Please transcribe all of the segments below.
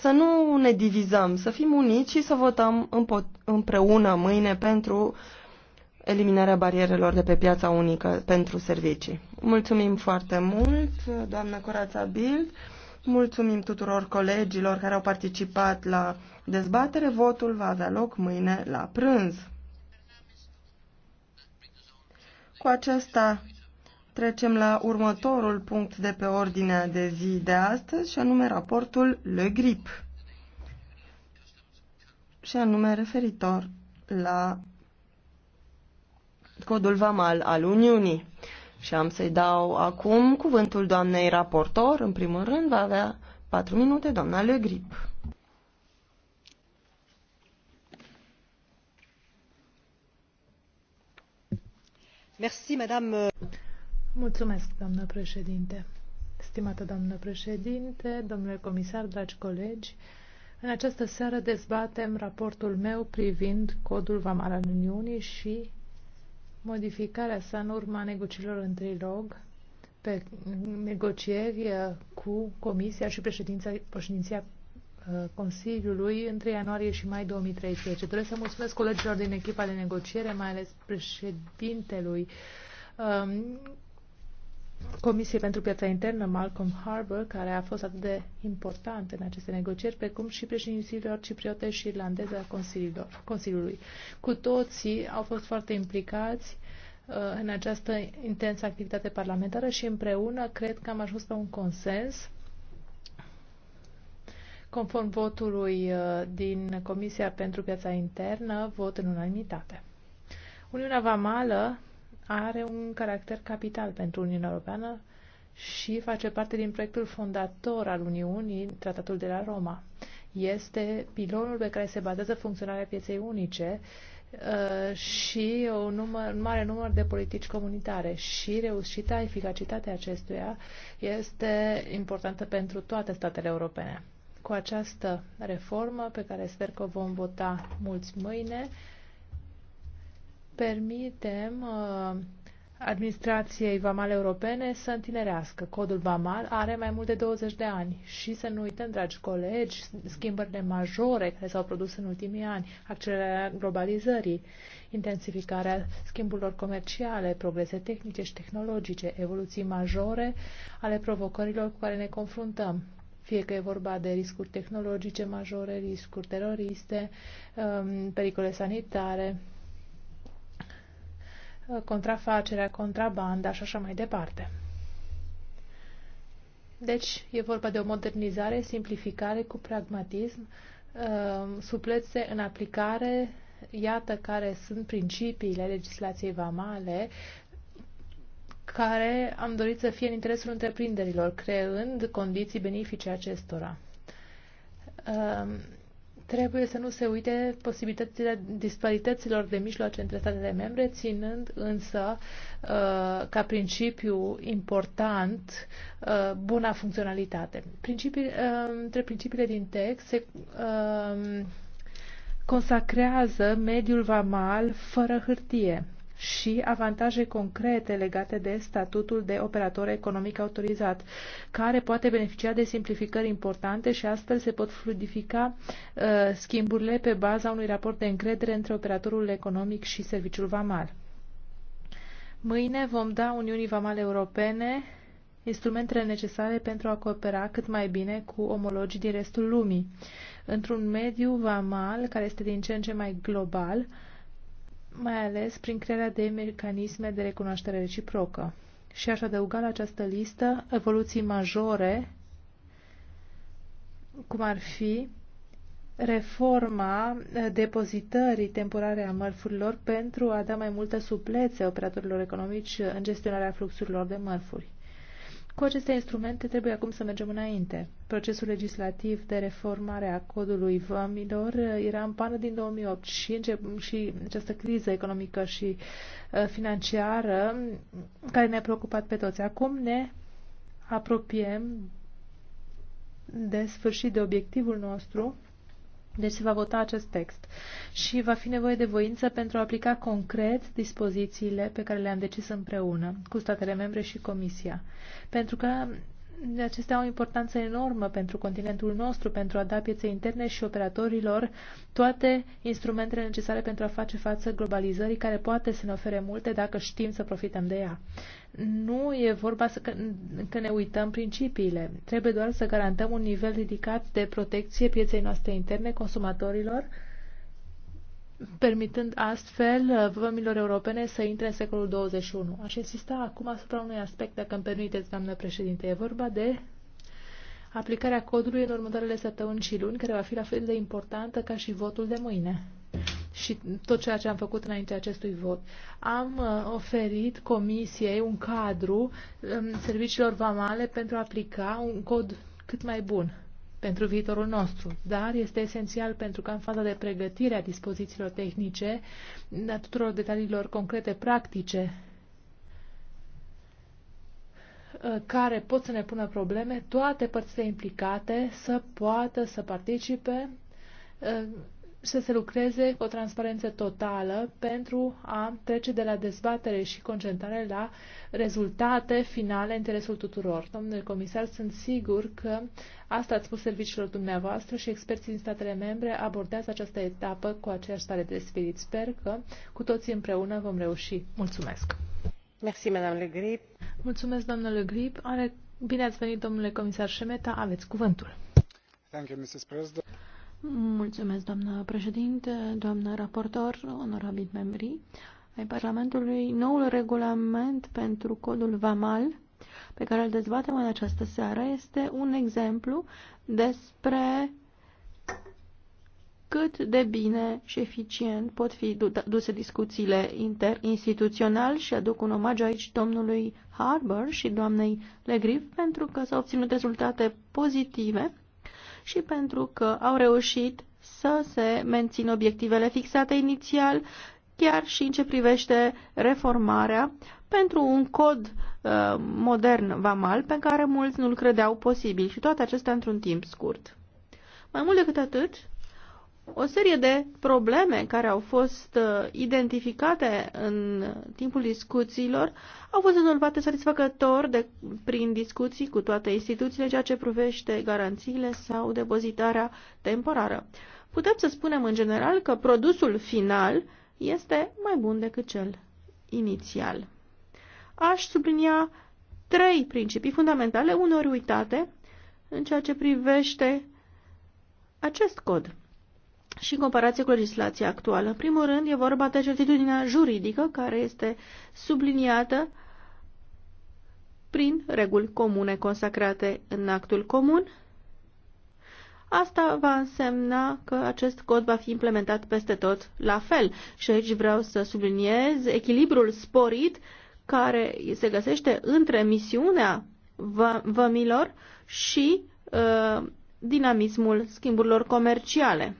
să nu ne divizăm, să fim uniți și să votăm împreună mâine pentru eliminarea barierelor de pe piața unică pentru servicii. Mulțumim foarte mult, doamnă Corața Bild. Mulțumim tuturor colegilor care au participat la dezbatere. Votul va avea loc mâine la prânz. Cu acesta Trecem la următorul punct de pe ordinea de zi de astăzi, și anume raportul Le Grip, și anume referitor la codul vamal al Uniunii. Și am să-i dau acum cuvântul doamnei raportor. În primul rând va avea patru minute doamna Le Grip. Merci, madame. Mulțumesc, doamnă președinte. Stimată doamnă președinte, domnule comisar, dragi colegi, în această seară dezbatem raportul meu privind codul vamal al Uniunii și modificarea sa în urma negocierilor în trilog pe negocieri uh, cu Comisia și președința, președinția uh, Consiliului între ianuarie și mai 2013. Doresc să mulțumesc colegilor din echipa de negociere, mai ales președintelui um, Comisiei pentru Piața Internă, Malcolm Harbour, care a fost atât de important în aceste negocieri, precum și președinților cipriote și irlandeze a Consiliului. Cu toții au fost foarte implicați uh, în această intensă activitate parlamentară și împreună cred că am ajuns la un consens conform votului uh, din Comisia pentru Piața Internă, vot în unanimitate. Uniunea Vamală are un caracter capital pentru Uniunea Europeană și face parte din proiectul fondator al Uniunii, Tratatul de la Roma. Este pilonul pe care se bazează funcționarea pieței unice uh, și un, număr, un mare număr de politici comunitare și reușita, eficacitatea acestuia este importantă pentru toate statele europene. Cu această reformă, pe care sper că o vom vota mulți mâine, permitem uh, administrației vamale europene să întinerească. Codul vamal are mai mult de 20 de ani și să nu uităm, dragi colegi, schimbările majore care s-au produs în ultimii ani, accelerarea globalizării, intensificarea schimburilor comerciale, progrese tehnice și tehnologice, evoluții majore ale provocărilor cu care ne confruntăm fie că e vorba de riscuri tehnologice majore, riscuri teroriste, um, pericole sanitare, contrafacerea, contrabanda și așa mai departe. Deci, e vorba de o modernizare, simplificare cu pragmatism, uh, suplețe în aplicare, iată care sunt principiile legislației vamale, care am dorit să fie în interesul întreprinderilor, creând condiții benefice acestora. Uh, trebuie să nu se uite posibilitățile disparităților de mijloace între statele membre, ținând însă uh, ca principiu important uh, buna funcționalitate. Principii, uh, între principiile din text se consacrează mediul vamal fără hârtie și avantaje concrete legate de statutul de operator economic autorizat, care poate beneficia de simplificări importante și astfel se pot fluidifica uh, schimburile pe baza unui raport de încredere între operatorul economic și serviciul vamal. Mâine vom da Uniunii Vamale Europene instrumentele necesare pentru a coopera cât mai bine cu omologii din restul lumii, într-un mediu vamal care este din ce în ce mai global, mai ales prin crearea de mecanisme de recunoaștere reciprocă. Și aș adăuga la această listă evoluții majore, cum ar fi reforma depozitării temporare a mărfurilor pentru a da mai multă suplețe operatorilor economici în gestionarea fluxurilor de mărfuri. Cu aceste instrumente trebuie acum să mergem înainte. Procesul legislativ de reformare a codului vămilor era în pană din 2008 și, încep, și această criză economică și uh, financiară mm, care ne-a preocupat pe toți. Acum ne apropiem de sfârșit de obiectivul nostru deci se va vota acest text și va fi nevoie de voință pentru a aplica concret dispozițiile pe care le-am decis împreună cu statele membre și Comisia. Pentru că Acestea au o importanță enormă pentru continentul nostru, pentru a da pieței interne și operatorilor toate instrumentele necesare pentru a face față globalizării, care poate să ne ofere multe dacă știm să profităm de ea. Nu e vorba să, că, că ne uităm principiile. Trebuie doar să garantăm un nivel ridicat de protecție pieței noastre interne, consumatorilor, permitând astfel uh, vămilor europene să intre în secolul 21. Aș insista acum asupra unui aspect, dacă îmi permiteți, doamnă președinte. E vorba de aplicarea codului în următoarele săptămâni și luni, care va fi la fel de importantă ca și votul de mâine și tot ceea ce am făcut înainte acestui vot. Am uh, oferit comisiei un cadru um, serviciilor vamale pentru a aplica un cod cât mai bun pentru viitorul nostru, dar este esențial pentru că în faza de pregătire a dispozițiilor tehnice, a tuturor detaliilor concrete, practice, ă, care pot să ne pună probleme, toate părțile implicate să poată să participe ă, să se lucreze cu o transparență totală pentru a trece de la dezbatere și concentrare la rezultate finale în interesul tuturor. Domnule comisar, sunt sigur că asta ați spus serviciilor dumneavoastră și experții din statele membre abordează această etapă cu aceeași stare de spirit. Sper că cu toții împreună vom reuși. Mulțumesc! Merci, Madame Le Grip. Mulțumesc, domnule Grip. Are... Bine ați venit, domnule comisar Șemeta. Aveți cuvântul. Thank you, Mrs. President. Mulțumesc, doamnă președinte, doamnă raportor, onorabili membri ai Parlamentului. Noul regulament pentru codul VAMAL pe care îl dezbatem în această seară este un exemplu despre cât de bine și eficient pot fi duse discuțiile interinstituțional și aduc un omagiu aici domnului Harbour și doamnei Legriff pentru că s-au obținut rezultate pozitive și pentru că au reușit să se mențină obiectivele fixate inițial, chiar și în ce privește reformarea, pentru un cod uh, modern vamal pe care mulți nu-l credeau posibil și toate acestea într-un timp scurt. Mai mult decât atât, o serie de probleme care au fost uh, identificate în timpul discuțiilor au fost rezolvate satisfăcător de, prin discuții cu toate instituțiile, ceea ce privește garanțiile sau depozitarea temporară. Putem să spunem în general că produsul final este mai bun decât cel inițial. Aș sublinia trei principii fundamentale, uneori uitate, în ceea ce privește acest cod și în comparație cu legislația actuală. În primul rând, e vorba de certitudinea juridică care este subliniată prin reguli comune consacrate în actul comun. Asta va însemna că acest cod va fi implementat peste tot la fel. Și aici vreau să subliniez echilibrul sporit care se găsește între misiunea vămilor și uh, dinamismul schimburilor comerciale.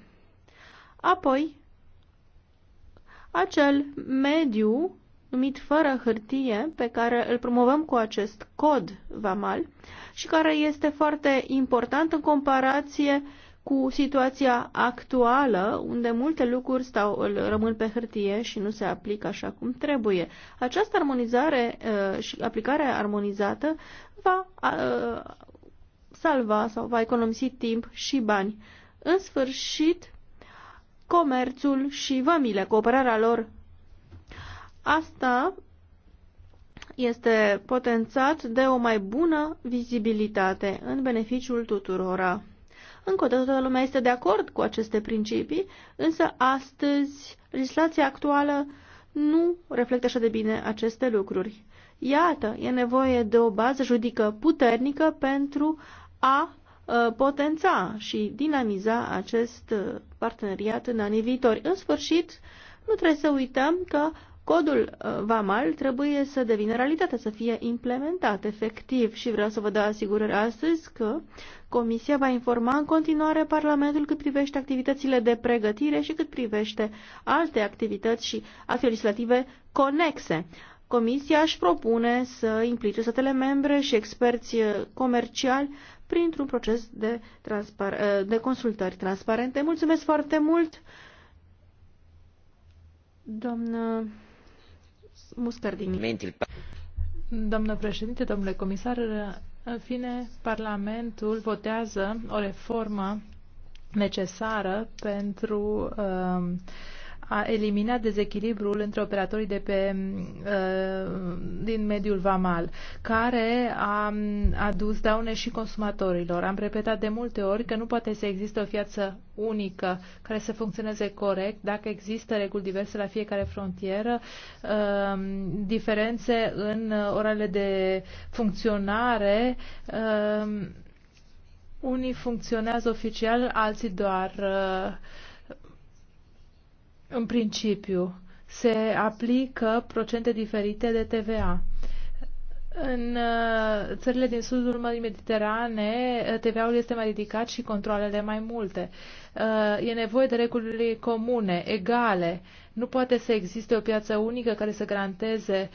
Apoi, acel mediu numit fără hârtie, pe care îl promovăm cu acest cod VAMAL și care este foarte important în comparație cu situația actuală, unde multe lucruri stau, rămân pe hârtie și nu se aplică așa cum trebuie. Această armonizare uh, și aplicare armonizată va uh, salva sau va economisi timp și bani. În sfârșit, comerțul și vămile, cooperarea lor. Asta este potențat de o mai bună vizibilitate în beneficiul tuturora. Încă o dată toată lumea este de acord cu aceste principii, însă astăzi legislația actuală nu reflectă așa de bine aceste lucruri. Iată, e nevoie de o bază juridică puternică pentru a Uh, potența și dinamiza acest uh, parteneriat în anii viitori. În sfârșit, nu trebuie să uităm că codul uh, VAMAL trebuie să devină realitate, să fie implementat efectiv și vreau să vă dau asigurări astăzi că Comisia va informa în continuare Parlamentul cât privește activitățile de pregătire și cât privește alte activități și acte legislative conexe. Comisia își propune să implice statele membre și experți comerciali printr-un proces de, transpar- eh, de consultări transparente. Mulțumesc foarte mult, doamnă Muscardini. Doamnă președinte, domnule comisar, în fine, Parlamentul votează o reformă necesară pentru uh, a eliminat dezechilibrul între operatorii de pe, mm, uh, din mediul vamal, care a mm, adus daune și consumatorilor. Am repetat de multe ori că nu poate să existe o piață unică care să funcționeze corect dacă există reguli diverse la fiecare frontieră, uh, diferențe în orele de funcționare uh, unii funcționează oficial, alții doar uh, în principiu, se aplică procente diferite de TVA. În uh, țările din sudul Mării Mediterane, uh, TVA-ul este mai ridicat și controlele mai multe. Uh, e nevoie de reguli comune, egale. Nu poate să existe o piață unică care să garanteze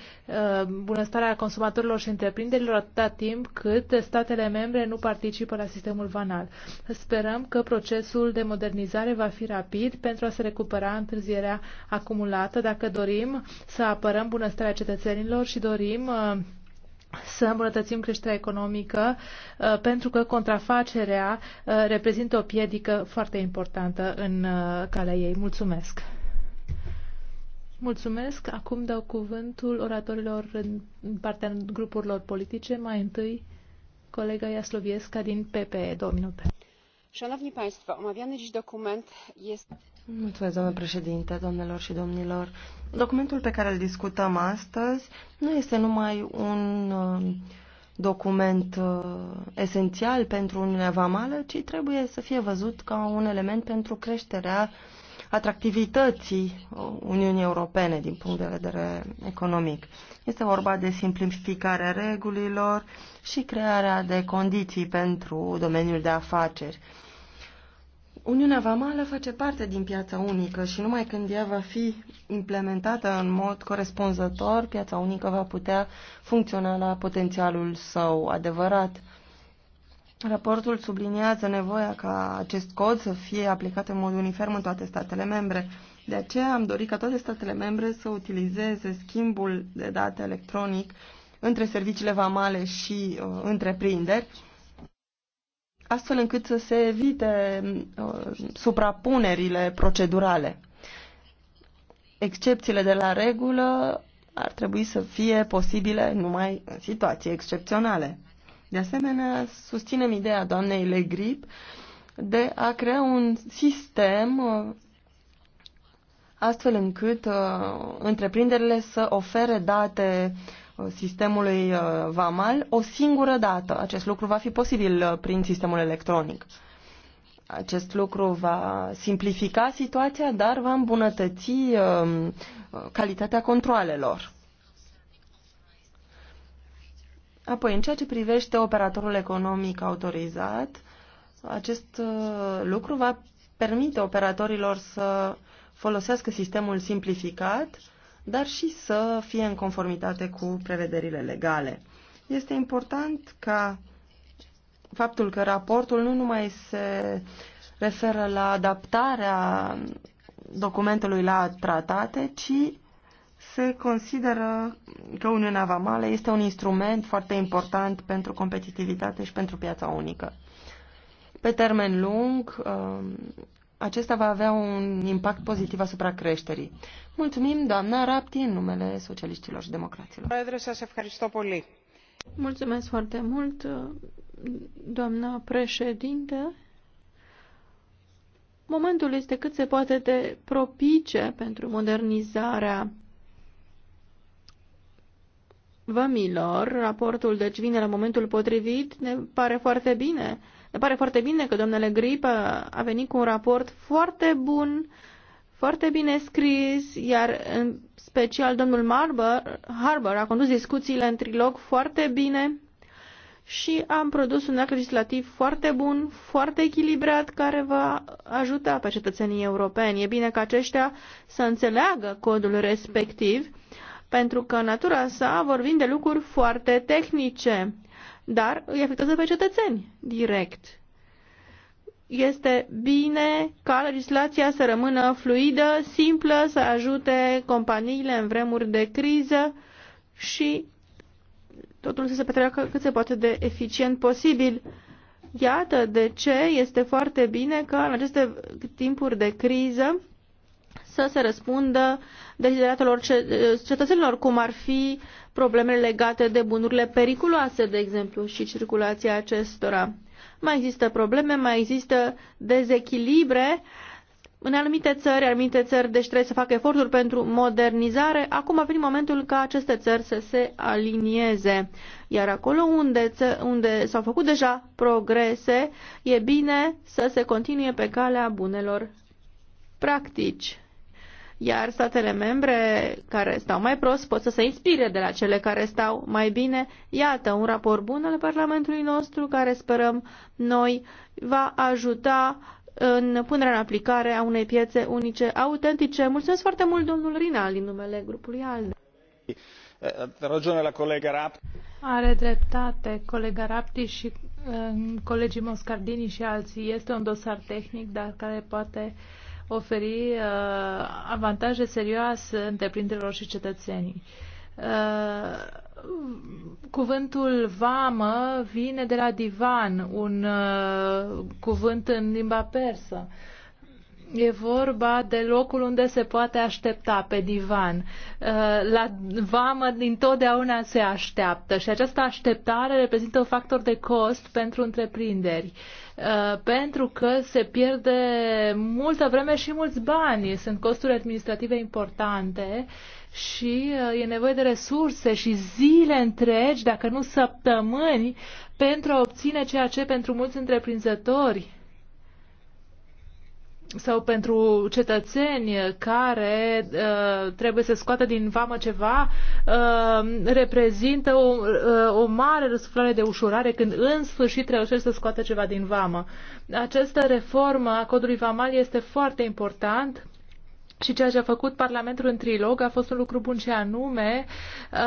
bunăstarea consumatorilor și întreprinderilor atâta timp cât statele membre nu participă la sistemul vanal. Sperăm că procesul de modernizare va fi rapid pentru a se recupera întârzierea acumulată dacă dorim să apărăm bunăstarea cetățenilor și dorim să îmbunătățim creșterea economică, uh, pentru că contrafacerea uh, reprezintă o piedică foarte importantă în uh, calea ei. Mulțumesc! Mulțumesc! Acum dau cuvântul oratorilor în partea grupurilor politice. Mai întâi, colega Iasloviesca din PPE. Două minute. Domnule doamnă președinte doamnelor și domnilor documentul pe care îl discutăm astăzi nu este numai un um, document uh, esențial pentru uniunea vamală ci trebuie să fie văzut ca un element pentru creșterea atractivității Uniunii Europene din punct de vedere economic. Este vorba de simplificarea regulilor și crearea de condiții pentru domeniul de afaceri. Uniunea Vamală face parte din piața unică și numai când ea va fi implementată în mod corespunzător, piața unică va putea funcționa la potențialul său adevărat. Raportul subliniază nevoia ca acest cod să fie aplicat în mod uniform în toate statele membre. De aceea am dorit ca toate statele membre să utilizeze schimbul de date electronic între serviciile vamale și uh, întreprinderi, astfel încât să se evite uh, suprapunerile procedurale. Excepțiile de la regulă ar trebui să fie posibile numai în situații excepționale. De asemenea, susținem ideea doamnei Legrip de a crea un sistem uh, astfel încât uh, întreprinderile să ofere date uh, sistemului VAMAL o singură dată. Acest lucru va fi posibil prin sistemul electronic. Acest lucru va simplifica situația, dar va îmbunătăți calitatea controalelor. Apoi, în ceea ce privește operatorul economic autorizat, acest uh, lucru va permite operatorilor să folosească sistemul simplificat, dar și să fie în conformitate cu prevederile legale. Este important ca faptul că raportul nu numai se referă la adaptarea documentului la tratate, ci se consideră că Uniunea Vamală este un instrument foarte important pentru competitivitate și pentru piața unică. Pe termen lung, um, acesta va avea un impact pozitiv asupra creșterii. Mulțumim, doamna Rapti, în numele socialiștilor și democraților. Mulțumesc foarte mult, doamna președinte. Momentul este cât se poate de propice pentru modernizarea vămilor. Raportul, deci, vine la momentul potrivit. Ne pare foarte bine. Ne pare foarte bine că domnule Gripă a venit cu un raport foarte bun, foarte bine scris, iar în special domnul Marber, Harbour a condus discuțiile în trilog foarte bine și am produs un act legislativ foarte bun, foarte echilibrat, care va ajuta pe cetățenii europeni. E bine ca aceștia să înțeleagă codul respectiv pentru că natura sa vorbim de lucruri foarte tehnice, dar îi afectează pe cetățeni direct. Este bine ca legislația să rămână fluidă, simplă, să ajute companiile în vremuri de criză și totul să se petreacă cât se poate de eficient posibil. Iată de ce este foarte bine că în aceste timpuri de criză să se răspundă desideratelor eh, cetățenilor, cum ar fi problemele legate de bunurile periculoase, de exemplu, și circulația acestora. Mai există probleme, mai există dezechilibre în anumite țări, anumite țări, deci trebuie să facă eforturi pentru modernizare. Acum a venit momentul ca aceste țări să se alinieze. Iar acolo unde, unde s-au făcut deja progrese, e bine să se continue pe calea bunelor practici iar statele membre care stau mai prost pot să se inspire de la cele care stau mai bine. Iată, un raport bun al Parlamentului nostru care sperăm noi va ajuta în punerea în aplicare a unei piețe unice autentice. Mulțumesc foarte mult, domnul Rinal, din numele grupului ALDE. Eh, Ragione la colega Rapt. Are dreptate colega Rapti și eh, colegii Moscardini și alții. Este un dosar tehnic, dar care poate uh, oferi uh, avantaje serioase întreprinderilor și cetățenii. Uh, cuvântul vamă vine de la divan, un uh, cuvânt în limba persă. Uh, E vorba de locul unde se poate aștepta pe divan. Uh, la vamă dintotdeauna se așteaptă și această așteptare reprezintă un factor de cost pentru întreprinderi uh, pentru că se pierde multă vreme și mulți bani. Sunt costuri administrative importante și uh, e nevoie de resurse și zile întregi, dacă nu săptămâni, pentru a obține ceea ce pentru mulți întreprinzători sau pentru cetățeni care uh, trebuie să scoată din vamă ceva, uh, reprezintă o, uh, o mare răsuflare de ușurare când în sfârșit reușești să scoată ceva din vamă. Această reformă a codului vamal este foarte important și ceea ce a făcut Parlamentul în trilog a fost un lucru bun și anume uh,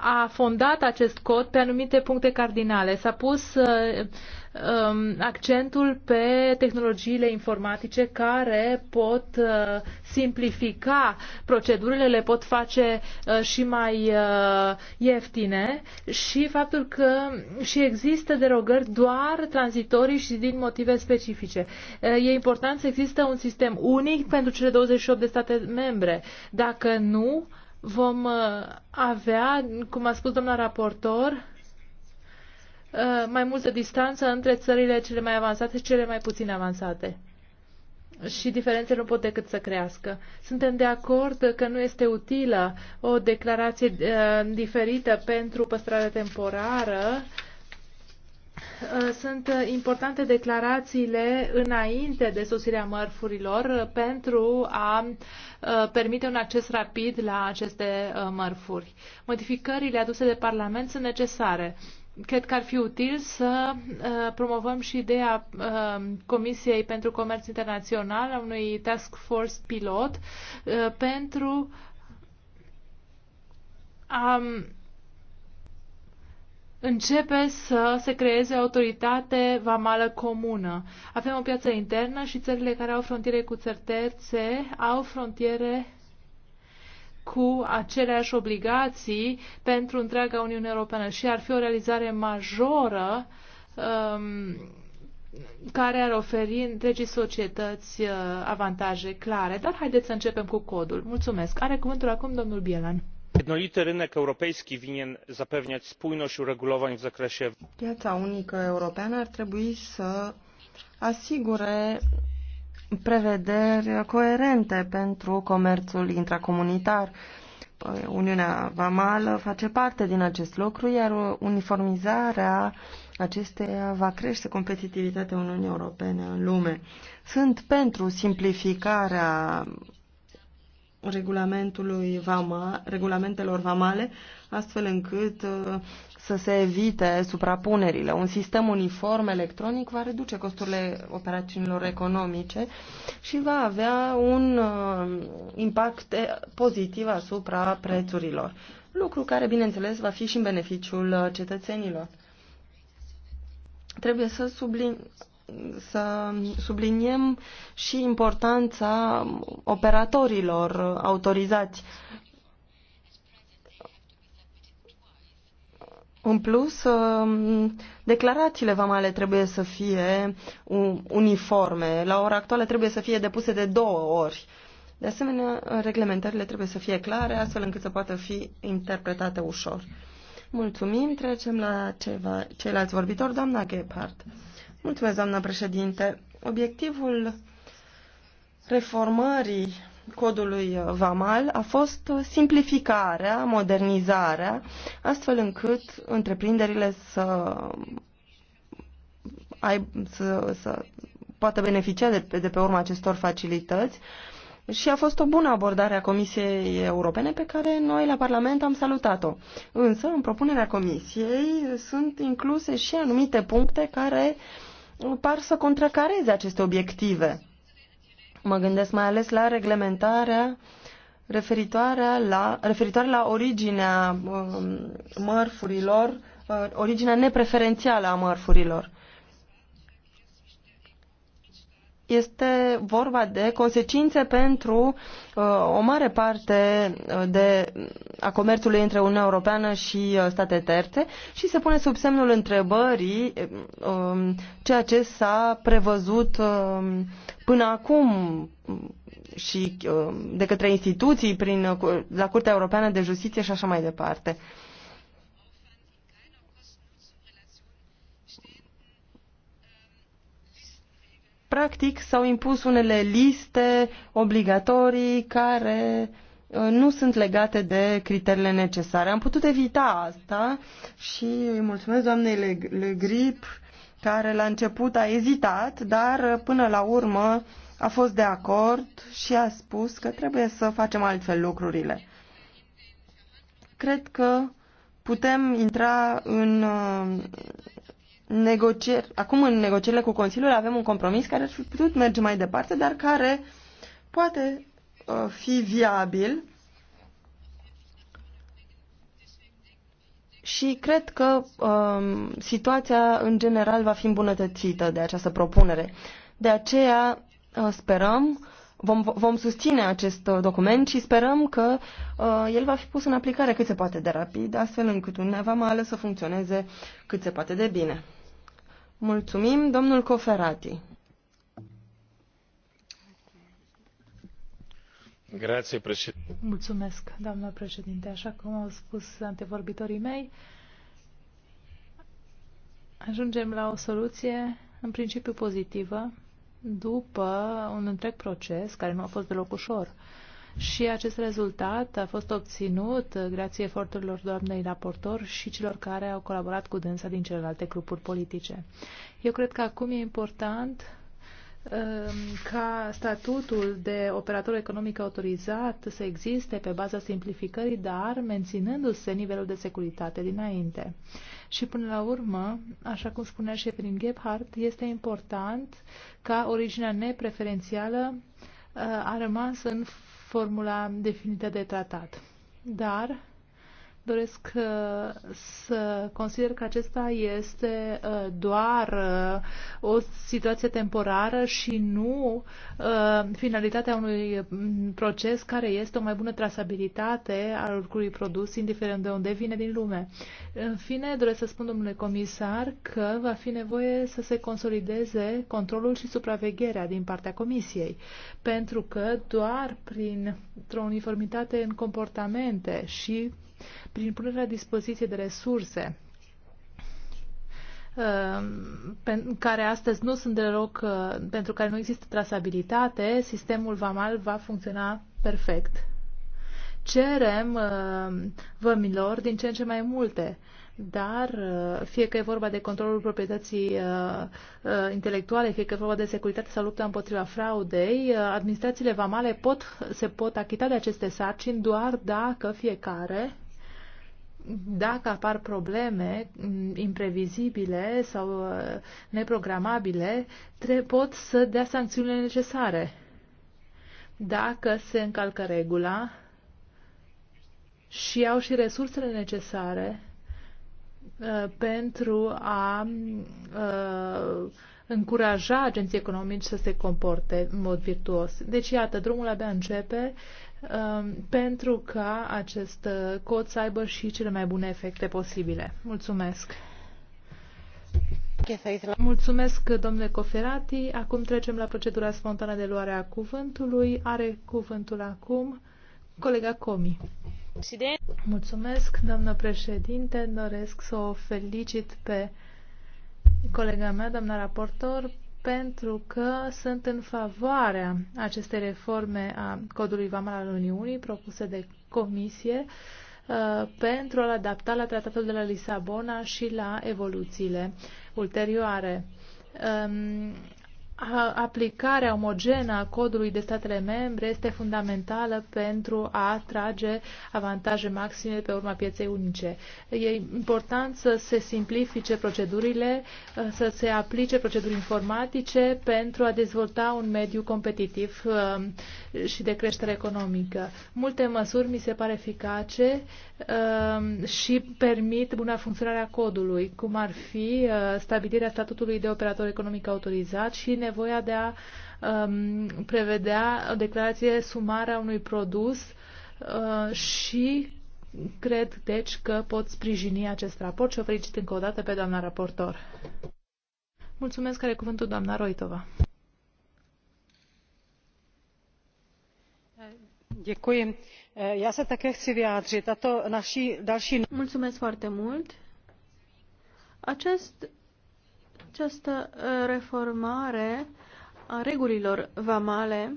a fondat acest cod pe anumite puncte cardinale. S-a pus uh, um, accentul pe tehnologiile informatice care pot uh, simplifica procedurile, le pot face uh, și mai uh, ieftine și faptul că și există derogări doar tranzitorii și din motive specifice. Uh, e important să există un sistem unic pentru cele 28 de state membre. Dacă nu, vom uh, avea, cum a spus doamna raportor, Uh, mai multă distanță între țările cele mai avansate și cele mai puțin avansate. Și diferențele nu pot decât să crească. Suntem de acord că nu este utilă o declarație uh, diferită pentru păstrare temporară. Uh, sunt importante declarațiile înainte de sosirea mărfurilor uh, pentru a permite un acces rapid la aceste mărfuri. Modificările aduse de Parlament sunt necesare cred că ar fi util să uh, promovăm și ideea uh, Comisiei pentru Comerț Internațional, a unui task force pilot, uh, pentru a um, începe să se creeze autoritate vamală comună. Avem o piață internă și țările care au frontiere cu țări terțe au frontiere cu aceleași obligații pentru întreaga Uniune Europeană și ar fi o realizare majoră um, care ar oferi întregii societăți uh, avantaje clare. Dar haideți să începem cu codul. Mulțumesc. Are cuvântul acum domnul Bielan. Jednolity rynek europejski winien zapewniać spójność uregulowań w zakresie. Piața unică europeană ar trebui să asigure prevederi coerente pentru comerțul intracomunitar. Uniunea Vamală face parte din acest lucru, iar uniformizarea acesteia va crește competitivitatea Uniunii Europene în lume. Sunt pentru simplificarea regulamentului vama, regulamentelor vamale, astfel încât uh, să se evite suprapunerile. Un sistem uniform electronic va reduce costurile operațiunilor economice și va avea un uh, impact pozitiv asupra prețurilor, lucru care, bineînțeles, va fi și în beneficiul uh, cetățenilor. Trebuie să, sublin... să subliniem și importanța operatorilor autorizați În plus, um, declarațiile vamale trebuie să fie uniforme. La ora actuală trebuie să fie depuse de două ori. De asemenea, reglementările trebuie să fie clare, astfel încât să poată fi interpretate ușor. Mulțumim. Trecem la ceva, ceilalți vorbitori. Doamna Gephardt. Mulțumesc, doamna președinte. Obiectivul reformării codului uh, VAMAL a fost uh, simplificarea, modernizarea, astfel încât întreprinderile să, ai, să, să poată beneficia de, pe, de pe urma acestor facilități și a fost o bună abordare a Comisiei Europene pe care noi la Parlament am salutat-o. Însă, în propunerea Comisiei sunt incluse și anumite puncte care par să contracareze aceste obiective Mă gândesc mai ales la reglementarea referitoare la, referitoare la originea um, mărfurilor, uh, originea nepreferențială a mărfurilor este vorba de consecințe pentru uh, o mare parte uh, de, a comerțului între Uniunea Europeană și uh, state terțe și se pune sub semnul întrebării uh, ceea ce s-a prevăzut uh, până acum um, și uh, de către instituții prin, uh, la Curtea Europeană de Justiție și așa mai departe. Uh, practic s-au impus unele liste obligatorii care uh, nu sunt legate de criteriile necesare. Am putut evita asta și îi mulțumesc doamnei Le, Le Grip care la început a ezitat, dar până la urmă a fost de acord și a spus că trebuie să facem altfel lucrurile. Cred că putem intra în uh, negocieri, acum în negocierile cu Consiliul avem un compromis care ar fi putut merge mai departe, dar care poate uh, fi viabil și cred că um, situația în general va fi îmbunătățită de această propunere. De aceea uh, sperăm vom, vom susține acest uh, document și sperăm că uh, el va fi pus în aplicare cât se poate de rapid, astfel încât Uniunea Vamală să funcționeze cât se poate de bine. Mulțumim, domnul Coferati. Grazie, președinte. Mulțumesc, doamna președinte. Așa cum au spus antevorbitorii mei, ajungem la o soluție în principiu pozitivă după un întreg proces care nu a fost deloc ușor. Și acest rezultat a fost obținut grație eforturilor doamnei raportor și celor care au colaborat cu dânsa din celelalte grupuri politice. Eu cred că acum e important Ehm, ca statutul de operator economic autorizat să existe pe baza simplificării, dar menținându-se nivelul de securitate dinainte. Și până la urmă, așa cum spunea și Evelyn Gebhardt, este important ca originea nepreferențială eh, a rămas în formula definită de tratat. Dar doresc uh, să consider că acesta este uh, doar uh, o situație temporară și nu finalitatea unui mm, proces care este o mai bună trasabilitate al oricului produs, indiferent de unde vine din lume. În fine, doresc să spun, domnule comisar, că va fi nevoie să se consolideze controlul și supravegherea din partea Comisiei, pentru că doar printr-o uniformitate în comportamente și prin punerea dispoziției dispoziție de resurse um, care astăzi nu sunt deloc, uh, pentru care nu există trasabilitate, sistemul VAMAL va funcționa perfect. Cerem um, vămilor din ce în ce mai multe, dar uh, fie că e vorba de controlul proprietății uh, intelectuale, fie că e vorba de securitate sau lupta împotriva fraudei, administrațiile VAMALE pot, se pot achita de aceste sarcini doar dacă fiecare dacă apar probleme mm, imprevizibile sau uh, neprogramabile, pot să dea sancțiunile necesare. Dacă se încalcă regula și au și resursele necesare uh, pentru a uh, încuraja agenții economici să se comporte în mod virtuos. Deci, iată, drumul abia începe Um, pentru ca acest uh, cod să aibă și cele mai bune efecte posibile. Mulțumesc! Mulțumesc, domnule Coferati. Acum trecem la procedura spontană de luare a cuvântului. Are cuvântul acum colega Comi. Mulțumesc, doamnă președinte. Doresc să o felicit pe colega mea, doamna raportor, pentru că sunt în favoarea acestei reforme a codului vamal al Uniunii propuse de Comisie uh, pentru a-l adapta la tratatul de la Lisabona și la evoluțiile ulterioare. Um, aplicarea omogenă a codului de statele membre este fundamentală pentru a atrage avantaje maxime pe urma pieței unice. E important să se simplifice procedurile, să se aplice proceduri informatice pentru a dezvolta un mediu competitiv um, și de creștere economică. Multe măsuri mi se pare eficace um, și permit buna funcționare a codului, cum ar fi uh, stabilirea statutului de operator economic autorizat și nevoia de a um, prevedea o declarație sumară a unui produs uh, și cred, deci, că pot sprijini acest raport și o felicit încă o dată pe doamna raportor. Mulțumesc, care cuvântul doamna Roitova. Děkuji. Já se také chci vyjádřit. Tato naší další... Mulțumesc foarte mult. Acest această ă, reformare a regulilor vamale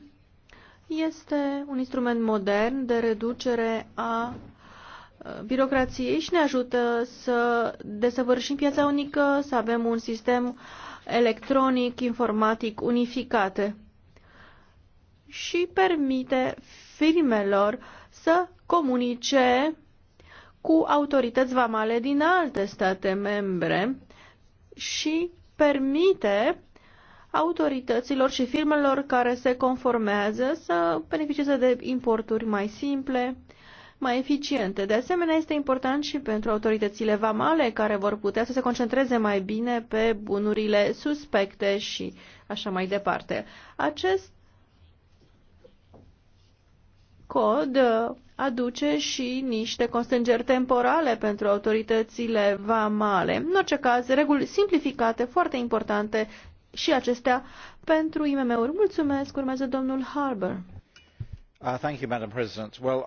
este un instrument modern de reducere a ă, birocrației și ne ajută să desăvârșim piața unică, să avem un sistem electronic, informatic, unificat și permite firmelor să comunice cu autorități vamale din alte state membre și permite autorităților și firmelor care se conformează să beneficieze de importuri mai simple, mai eficiente. De asemenea, este important și pentru autoritățile vamale care vor putea să se concentreze mai bine pe bunurile suspecte și așa mai departe. Acest cod aduce și niște constrângeri temporale pentru autoritățile vamale. În orice caz, reguli simplificate, foarte importante și acestea pentru IMM-uri. Mulțumesc, urmează domnul Harbour. Uh, thank you, Madam President. Well,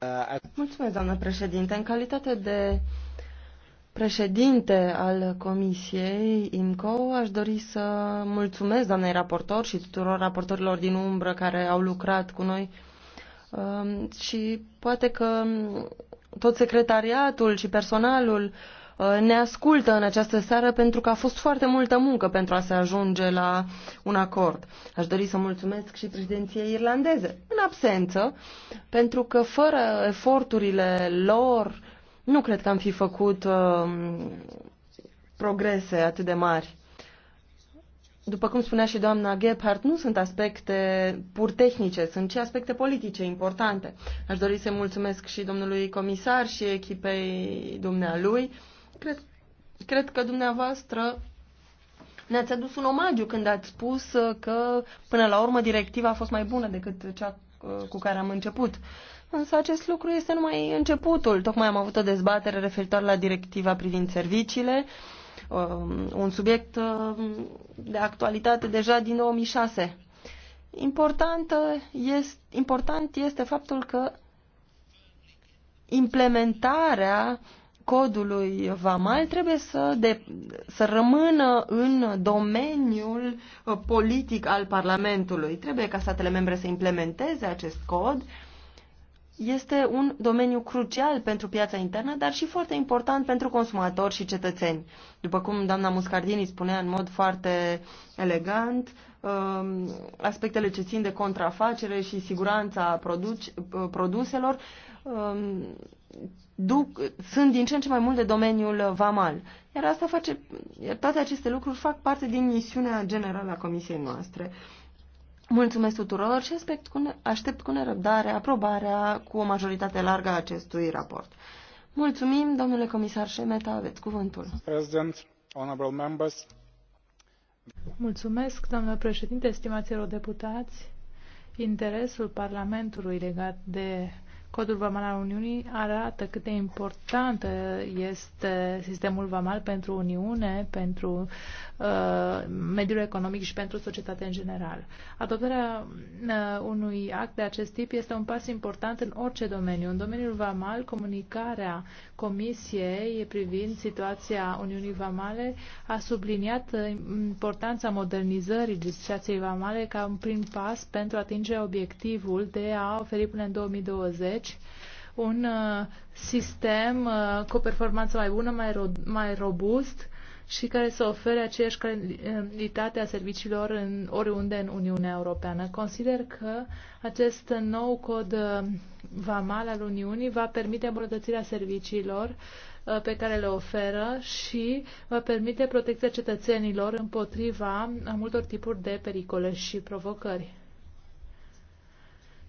uh, as... Mulțumesc, doamnă președinte. În calitate de președinte al Comisiei IMCO, aș dori să mulțumesc doamnei raportor și tuturor raportorilor din umbră care au lucrat cu noi Um, și poate că tot secretariatul și personalul uh, ne ascultă în această seară pentru că a fost foarte multă muncă pentru a se ajunge la un acord. Aș dori să mulțumesc și președinției irlandeze, în absență, pentru că fără eforturile lor nu cred că am fi făcut uh, progrese atât de mari după cum spunea și doamna Gebhardt, nu sunt aspecte pur tehnice, sunt și aspecte politice importante. Aș dori să mulțumesc și domnului comisar și echipei dumnealui. Cred, cred că dumneavoastră ne-ați adus un omagiu când ați spus că, până la urmă, directiva a fost mai bună decât cea uh, cu care am început. Însă acest lucru este numai începutul. Tocmai am avut o dezbatere referitor la directiva privind serviciile. Uh, Um, un subiect um, de actualitate deja din 2006. Important uh, este, important este faptul că implementarea codului VAMAL trebuie să, de, să rămână în domeniul uh, politic al Parlamentului. Trebuie ca statele membre să implementeze acest cod uh, este un domeniu crucial pentru piața internă, dar și foarte important pentru consumatori și cetățeni. După cum doamna Muscardini spunea în mod foarte elegant, um, aspectele ce țin de contrafacere și siguranța uh, produselor um, duc, sunt din ce în ce mai mult de domeniul vamal. Iar asta face, toate aceste lucruri fac parte din misiunea generală a comisiei noastre. Mulțumesc tuturor și aspect cu aștept cu nerăbdare aprobarea cu o majoritate largă a acestui raport. Mulțumim, domnule comisar Șemeta, aveți cuvântul. President, honorable members. Mulțumesc, doamnă președinte, stimați eurodeputați. Interesul Parlamentului legat de Codul Vamal al Uniunii arată cât de important este sistemul Vamal pentru Uniune, pentru uh, mediul economic și pentru societate în general. Adoptarea uh, unui act de acest tip este un pas important în orice domeniu. În domeniul Vamal, comunicarea Comisiei privind situația Uniunii Vamale a subliniat uh, importanța modernizării legislației Vamale ca un prim pas pentru a atinge obiectivul de a oferi până în 2020 deci, un uh, sistem uh, cu o performanță mai bună, mai, ro- mai robust și care să ofere aceeași calitate a serviciilor în, oriunde în Uniunea Europeană. Consider că acest nou cod uh, VAMAL al Uniunii va permite îmbunătățirea serviciilor pe care le oferă și va permite protecția cetățenilor împotriva multor tipuri de pericole și provocări.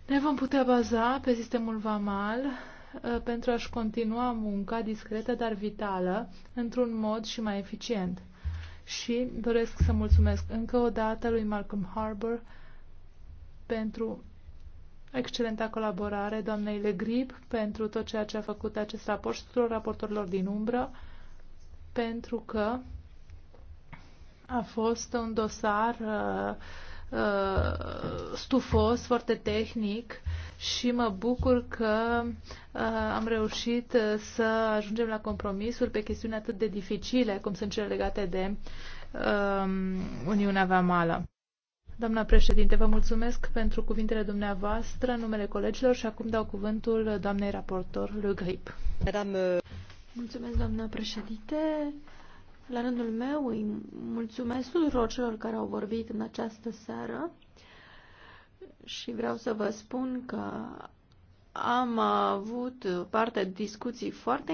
Ne vom putea baza pe sistemul VAMAL uh, pentru a-și continua munca discretă, dar vitală, într-un mod și mai eficient. Și doresc să mulțumesc încă o dată lui Malcolm Harbour pentru excelenta colaborare, doamnei Legrip pentru tot ceea ce a făcut acest raport și tuturor raportorilor din umbră, pentru că a fost un dosar uh, uh, stufos, foarte tehnic și mă bucur că uh, am reușit uh, să ajungem la compromisuri pe chestiuni atât de dificile cum sunt cele legate de uh, Uniunea Vamală. Doamna președinte, vă mulțumesc pentru cuvintele dumneavoastră, numele colegilor și acum dau cuvântul doamnei raportor, Le Grip. Madame... Uh, mulțumesc, doamna președinte. La rândul meu îi mulțumesc tuturor celor care au vorbit în această seară și vreau să vă spun că am avut parte de discuții foarte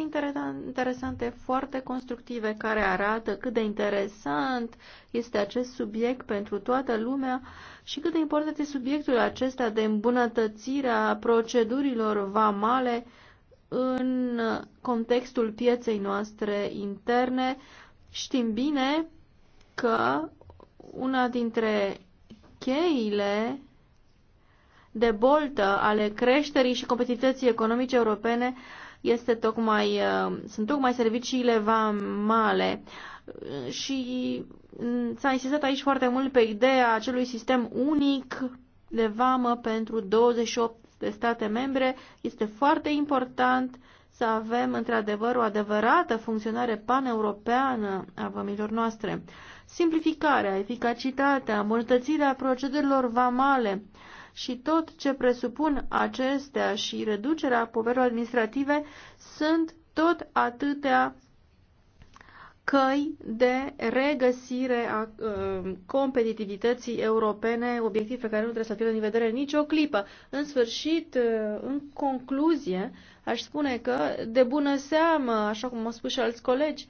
interesante, foarte constructive, care arată cât de interesant este acest subiect pentru toată lumea și cât de important este subiectul acesta de îmbunătățire a procedurilor vamale în contextul pieței noastre interne, Știm bine că una dintre cheile de boltă ale creșterii și competitivității economice europene este tocmai, uh, sunt tocmai serviciile vamale și mm, s-a insistat aici foarte mult pe ideea acelui sistem unic de vamă pentru 28 de state membre. Este foarte important să avem într-adevăr o adevărată funcționare paneuropeană a vămilor noastre. Simplificarea, eficacitatea, îmbunătățirea procedurilor vamale și tot ce presupun acestea și reducerea poverilor administrative sunt tot atâtea căi de regăsire a uh, competitivității europene, obiectiv pe care nu trebuie să fie în vedere nicio clipă. În sfârșit, uh, în concluzie, uh, Aș spune că, de bună seamă, așa cum au spus și alți colegi,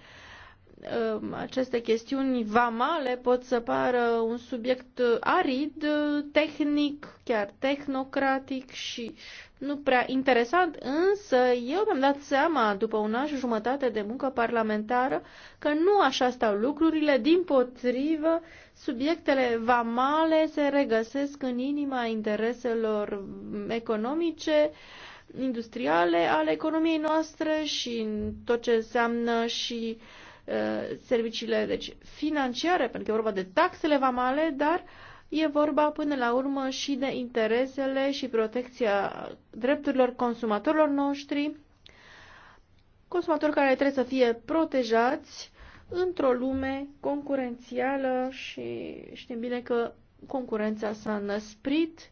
um, aceste chestiuni vamale pot să pară un subiect uh, arid, uh, tehnic, chiar tehnocratic și nu prea interesant, însă eu mi-am dat seama după un an și jumătate de muncă parlamentară că nu așa stau lucrurile, din potrivă subiectele vamale se regăsesc în inima intereselor economice, uh, industriale ale economiei noastre și în tot ce înseamnă și uh, serviciile deci, financiare, pentru că e vorba de taxele vamale, dar e vorba până la urmă și de interesele și protecția drepturilor consumatorilor noștri, consumatori care trebuie să fie protejați într-o lume concurențială și știm bine că concurența s-a năsprit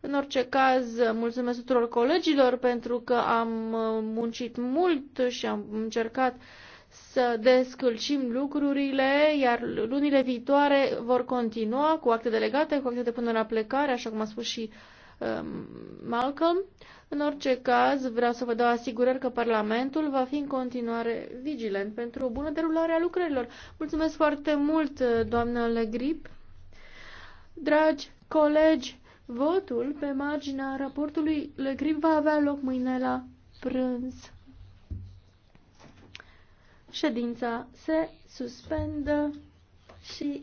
în orice caz, mulțumesc tuturor colegilor pentru că am muncit mult și am încercat să descălcim lucrurile, iar lunile viitoare vor continua cu acte delegate, cu acte de până la plecare, așa cum a spus și um, Malcolm. În orice caz, vreau să vă dau asigurări că Parlamentul va fi în continuare vigilent pentru o bună derulare a lucrărilor. Mulțumesc foarte mult, doamnă Legrip. Dragi colegi, Votul pe marginea raportului Legrim va avea loc mâine la prânz. Ședința se suspendă și